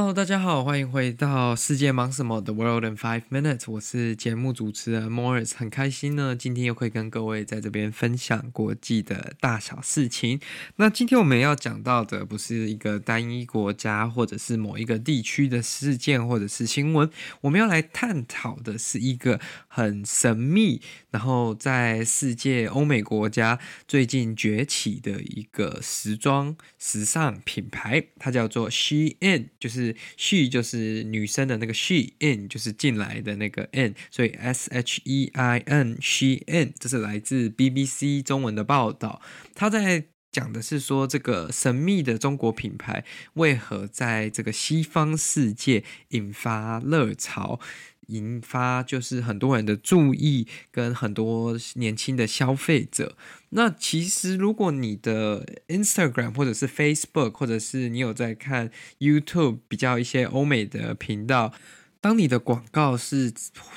Hello，大家好，歡迎回到《世界忙什麼》The World in Five Minutes。我是節目主持人 Morris，很開心呢，今天又可以跟各位在這邊分享國際的大小事情。那今天我們要講到的不是一個單一國家或者是某一個地區的事件或者是新聞，我們要來探討的是一個很神秘，然後在世界歐美國家最近崛起的一個時裝時尚品牌，它叫做 Shein，就是。She 就是女生的那個 She，in 就是進來的那個 n，所以 s h e i n shein，這是來自 BBC 中文的報道。它在講的是說，這個神秘的中國品牌為何在這個西方世界引發熱潮。引發就是很多人的注意，跟很多年輕的消費者。那其實如果你的 Instagram 或者是 Facebook，或者是你有在看 YouTube，比較一些歐美的頻道，當你的廣告是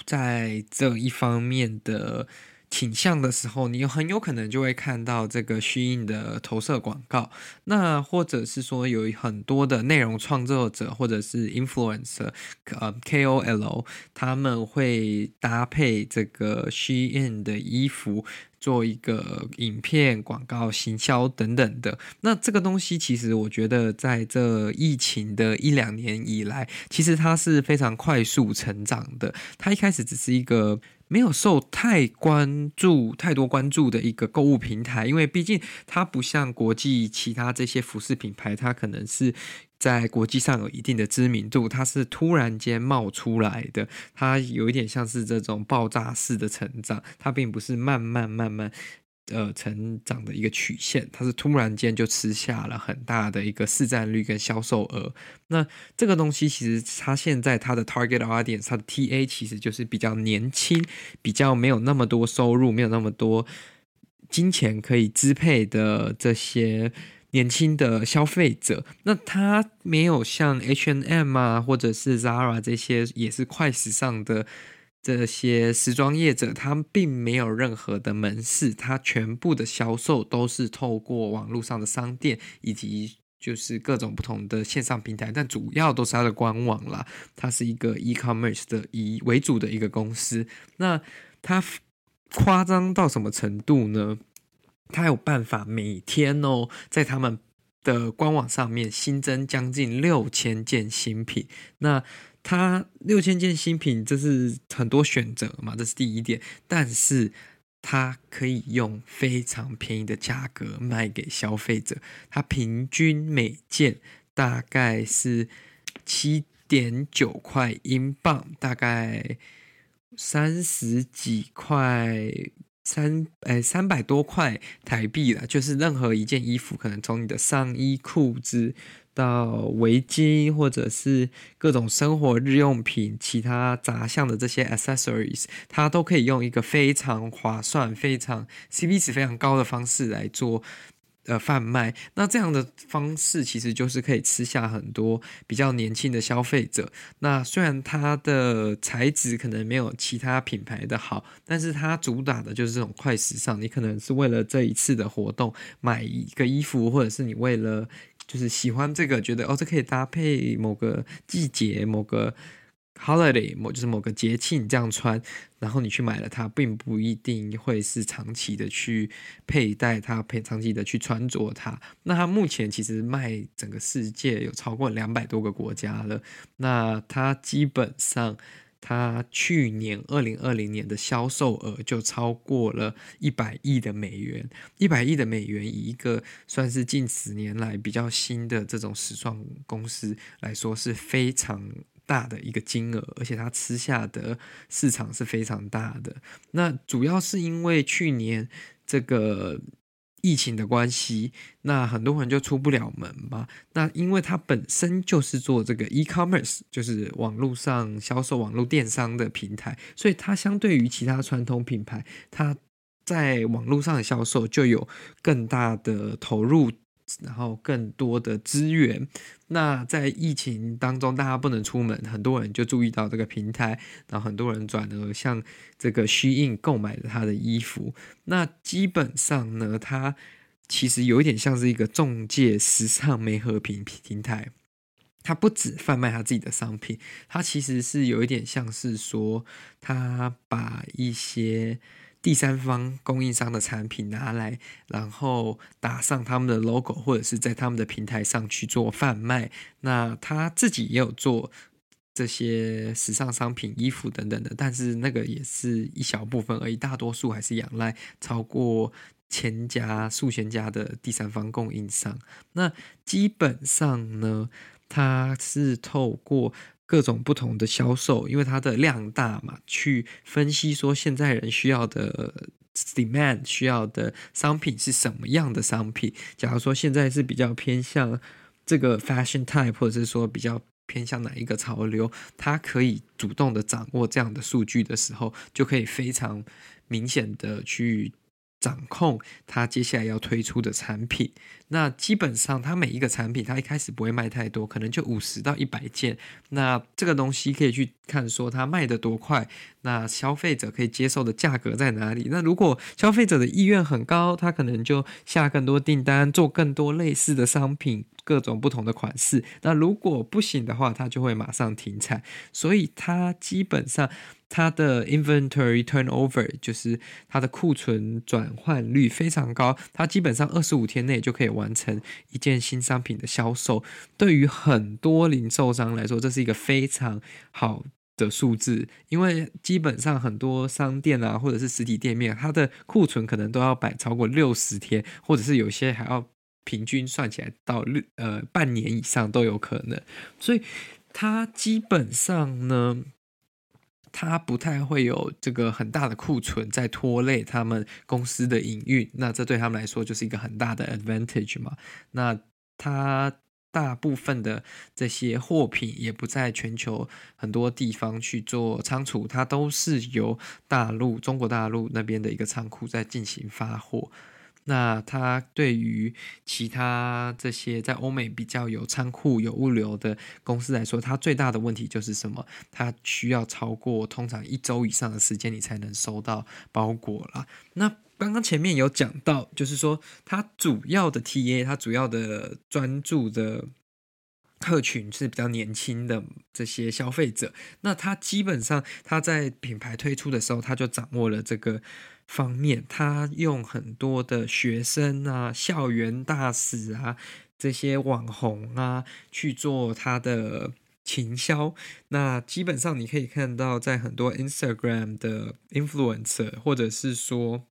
在這一方面的。傾向的時候，你很有可能就會看到這個 SHEIN 的投射廣告。那或者是說，有很多的內容創作者或者是 influencer，呃，KOL，他們會搭配這個 SHEIN 的衣服。做一個影片、廣告、行銷等等的，那這個東西其實我覺得，在這疫情的一兩年以來，其實它是非常快速成長的。它一開始只是一個沒有受太關注、太多關注的一個購物平台，因為畢竟它不像國際其他這些服飾品牌，它可能是。在國際上有一定的知名度，它是突然間冒出來的，它有一點像是這種爆炸式的成長，它並不是慢慢慢慢呃成長的一個曲線，它是突然間就吃下了很大的一個市占率跟銷售額。那這個東西其實它現在它的 target audience，它的 TA 其實就是比較年輕，比較沒有那麼多收入，沒有那麼多金錢可以支配的這些。年輕的消費者，那他沒有像 H and M 啊，或者是 Zara 這些也是快時尚的這些時裝業者，他們並沒有任何的門市，他全部的銷售都是透過網絡上的商店以及就是各種不同的線上平台，但主要都是他的官網啦。它是一個 e-commerce 的以為主的一個公司。那它誇張到什麼程度呢？他有辦法每天哦，在他們的官網上面新增將近六千件新品。那他六千件新品，就是很多選擇嘛？這是第一點。但是，他可以用非常便宜的價格賣給消費者。他平均每件大概是七點九塊英鎊，大概三十幾塊。三誒、欸，三百多塊台幣了，就是任何一件衣服，可能從你的上衣、褲子到圍巾，或者是各種生活日用品、其他雜項的這些 accessories，它都可以用一個非常划算、非常 CP 值，非常高的方式來做。呃，販賣那這樣的方式，其實就是可以吃下很多比較年輕的消費者。那雖然它的材質可能沒有其他品牌的好，但是它主打的就是這種快時尚。你可能是為了這一次的活動買一個衣服，或者是你為了就是喜歡這個，覺得哦這可以搭配某個季節、某個。Holiday 某，就是某個節慶這樣穿，然後你去買了它，並不一定會是長期的去佩戴它，佩長期的去穿着它。那它目前其實賣整個世界有超過兩百多個國家了。那它基本上，它去年二零二零年的銷售額就超過了一百億的美元。一百億的美元，以一個算是近十年來比較新的這種時裝公司來說，是非常，大的一個金額，而且它吃下的市場是非常大的。那主要是因為去年這個疫情的關係，那很多人就出不了門吧。那因為它本身就是做這個 e-commerce，就是網絡上銷售、網絡電商的平台，所以它相對於其他傳統品牌，它在網絡上的銷售就有更大的投入。然後更多的資源，那在疫情當中，大家不能出門，很多人就注意到這個平台，然後很多人轉而向這個 SHEIN 購買了他的衣服。那基本上呢，他其實有一點像是一個中介時尚媒合平平台，他不止販賣他自己的商品，他其實是有一點像是說他把一些。第三方供應商的產品拿來，然後打上他們的 logo，或者是在他們的平台上去做販賣。那他自己也有做這些時尚商品、衣服等等的，但是那個也是一小部分而已，大多數還是仰賴超過千家、數千家的第三方供應商。那基本上呢，他是透過。各種不同的銷售，因為它的量大嘛，去分析說現在人需要的 demand，需要的商品是什麼樣的商品。假如說現在是比較偏向這個 fashion type，或者是說比較偏向哪一個潮流，它可以主動的掌握這樣的數據的時候，就可以非常明顯的去。掌控他接下來要推出的產品，那基本上他每一個產品，他一開始不會賣太多，可能就五十到一百件。那這個東西可以去看說它賣得的多快，那消費者可以接受的價格在哪裡？那如果消費者的意願很高，他可能就下更多訂單，做更多類似的商品。各種不同的款式，那如果不行的話，它就會馬上停產。所以它基本上它的 inventory turnover 就是它的庫存轉換率非常高，它基本上二十五天內就可以完成一件新商品的銷售。對於很多零售商來說，這是一個非常好的數字，因為基本上很多商店啊，或者是實體店面啊，它的庫存可能都要擺超過六十天，或者是有些還要。平均算起來到六呃半年以上都有可能，所以它基本上呢，它不太會有這個很大的庫存在拖累他們公司的營運，那這對他們來說就是一個很大的 advantage 嘛。那它大部分的這些貨品也不在全球很多地方去做倉儲，它都是由大陸中國大陸那邊的一個倉庫在進行發貨。那它對於其他這些在歐美比較有倉庫、有物流的公司來說，它最大的問題就是什麼？它需要超過通常一周以上的時間，你才能收到包裹啦。那剛剛前面有講到，就是說它主要的 TA，它主要的專注的。客群是比較年輕的這些消費者，那他基本上他在品牌推出的時候，他就掌握了這個方面，他用很多的學生啊、校園大使啊、這些網紅啊去做他的營銷。那基本上你可以看到，在很多 Instagram 的 influencer 或者是說。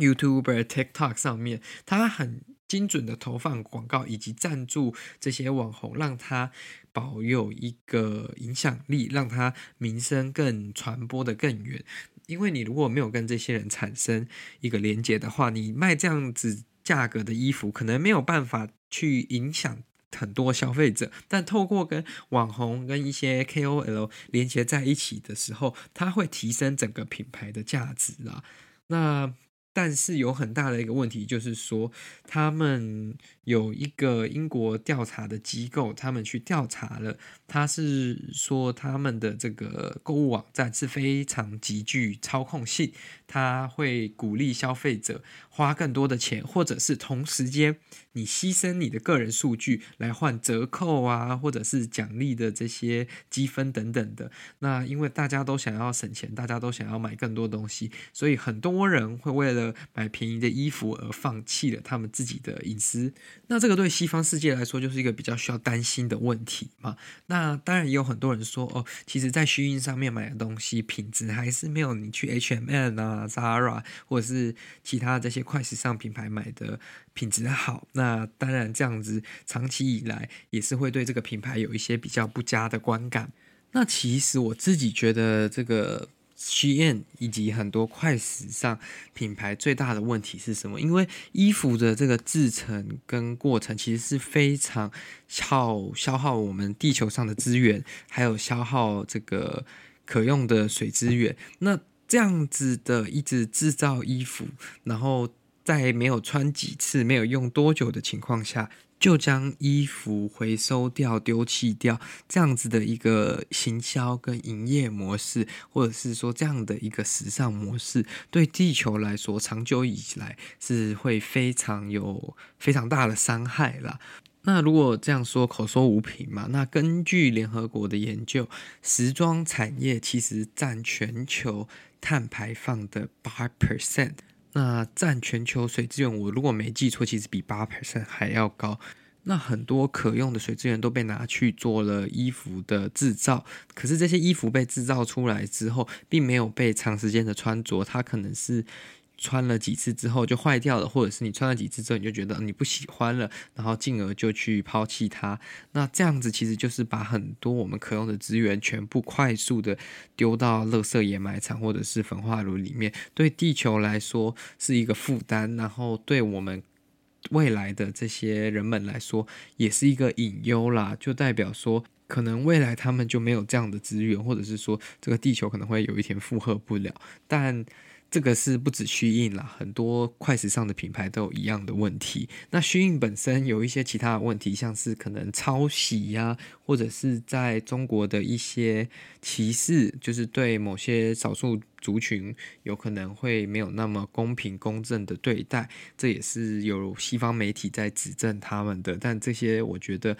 YouTube、YouTuber, TikTok 上面，他很精準地投放廣告以及贊助這些網紅，讓他保有一個影響力，讓他名聲更傳播得更遠。因為你如果沒有跟這些人產生一個連接的話，你賣這樣子價格的衣服，可能沒有辦法去影響很多消費者。但透過跟網紅跟一些 KOL 連接在一起的時候，他會提升整個品牌的價值啊。那但是有很大的一個問題，就是說他們有一個英國調查的機構，他們去調查了，他是說他們的這個購物網站是非常極具操控性，他會鼓勵消費者花更多的錢，或者是同時間你犧牲你的個人數據來換折扣啊，或者是獎勵的這些積分等等的。那因為大家都想要省錢，大家都想要買更多東西，所以很多人會為了。呃，買便宜的衣服而放棄了他們自己的隱私，那這個對西方世界來說就是一個比較需要擔心的問題嘛？那當然也有很多人說，哦，其實，在 SHEIN 上面買的東西品質還是沒有你去 H&M 啊、Zara 或者是其他的這些快時尚品牌買的品質好。那當然，這樣子長期以來也是會對這個品牌有一些比較不佳的觀感。那其實我自己覺得這個。SHEIN 以及很多快時尚品牌最大的問題是什麼？因為衣服的這個製程跟過程，其實是非常耗消耗我們地球上的資源，還有消耗這個可用的水資源。那這樣子的一直制造衣服，然後在沒有穿幾次、沒有用多久的情況下，就將衣服回收掉、丟棄掉，這樣子的一個行銷跟營業模式，或者是說這樣的一個時尚模式，對地球來說，長久以來是會非常有非常大的傷害啦。那如果這樣說，口說無憑嘛。那根據聯合國的研究，時裝產業其實占全球碳排放的八 percent。那佔全球水資源，我如果沒記錯，其實比八 percent 還要高。那很多可用的水資源都被拿去做了衣服的製造，可是這些衣服被製造出來之後，並沒有被長時間的穿着，它可能是。穿了幾次之後就壞掉了，或者是你穿了幾次之後你就覺得你不喜歡了，然後進而就去拋棄它。那這樣子其實就是把很多我們可用的資源全部快速地丟到垃圾掩埋場或者是焚化爐裡面，對地球來說是一個負擔，然後對我們未來的這些人們來說也是一個隱憂啦。就代表說，可能未來他們就沒有這樣的資源，或者是說這個地球可能會有一天負荷不了，但。這個是不止 SHEIN 了，很多快時尚的品牌都有一樣的問題。那 SHEIN 本身有一些其他的問題，像是可能抄襲啊，或者是在中國的一些歧視，就是對某些少數族群有可能會沒有那麼公平公正的對待，這也是有西方媒體在指證他們的。但這些，我覺得。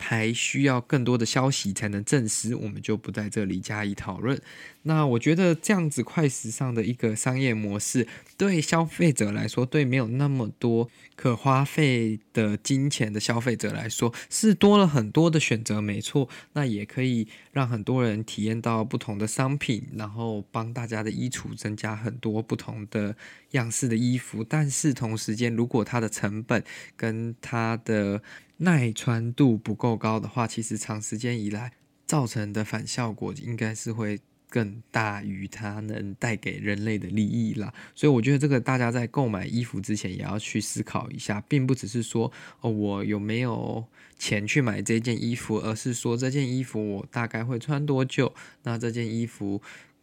還需要更多的消息才能證實，我們就不在這裡加以討論。那我覺得這樣子快時尚的一個商業模式，對消費者來說，對沒有那麼多可花費的金錢的消費者來說，是多了很多的選擇，沒錯。那也可以讓很多人體驗到不同的商品，然後幫大家的衣櫥增加很多不同的。樣式的衣服，但是同時間，如果它的成本跟它的耐穿度不夠高的話，其實長時間以來造成的反效果，應該是會更大於它能帶給人類的利益啦。所以我覺得這個大家在購買衣服之前，也要去思考一下，並不只是說哦，我有沒有錢去買這件衣服，而是說這件衣服我大概會穿多久，那這件衣服。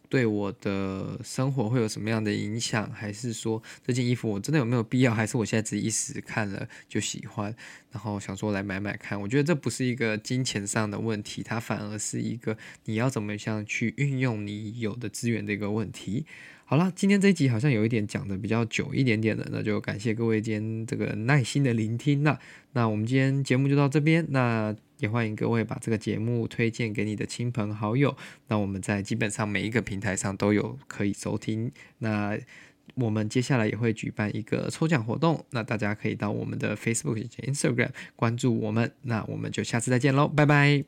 對我的生活會有什麼樣的影響？還是說這件衣服我真的有沒有必要？還是我現在只一時看了就喜歡，然後想說來買買看。我覺得這不是一個金錢上的問題，它反而是一個你要怎麼樣去運用你有的資源的一個問題。好了，今天這一集好像有一點講的比較久一點點的，那就感謝各位今天這個耐心的聆聽啦。那我們今天節目就到這邊，那也歡迎各位把這個節目推薦給你的親朋好友。那我們在基本上每一個平台上都有可以收聽。那我們接下來也會舉辦一個抽獎活動，那大家可以到我們的 Facebook 以及 Instagram 關注我們。那我們就下次再見嘍，拜拜。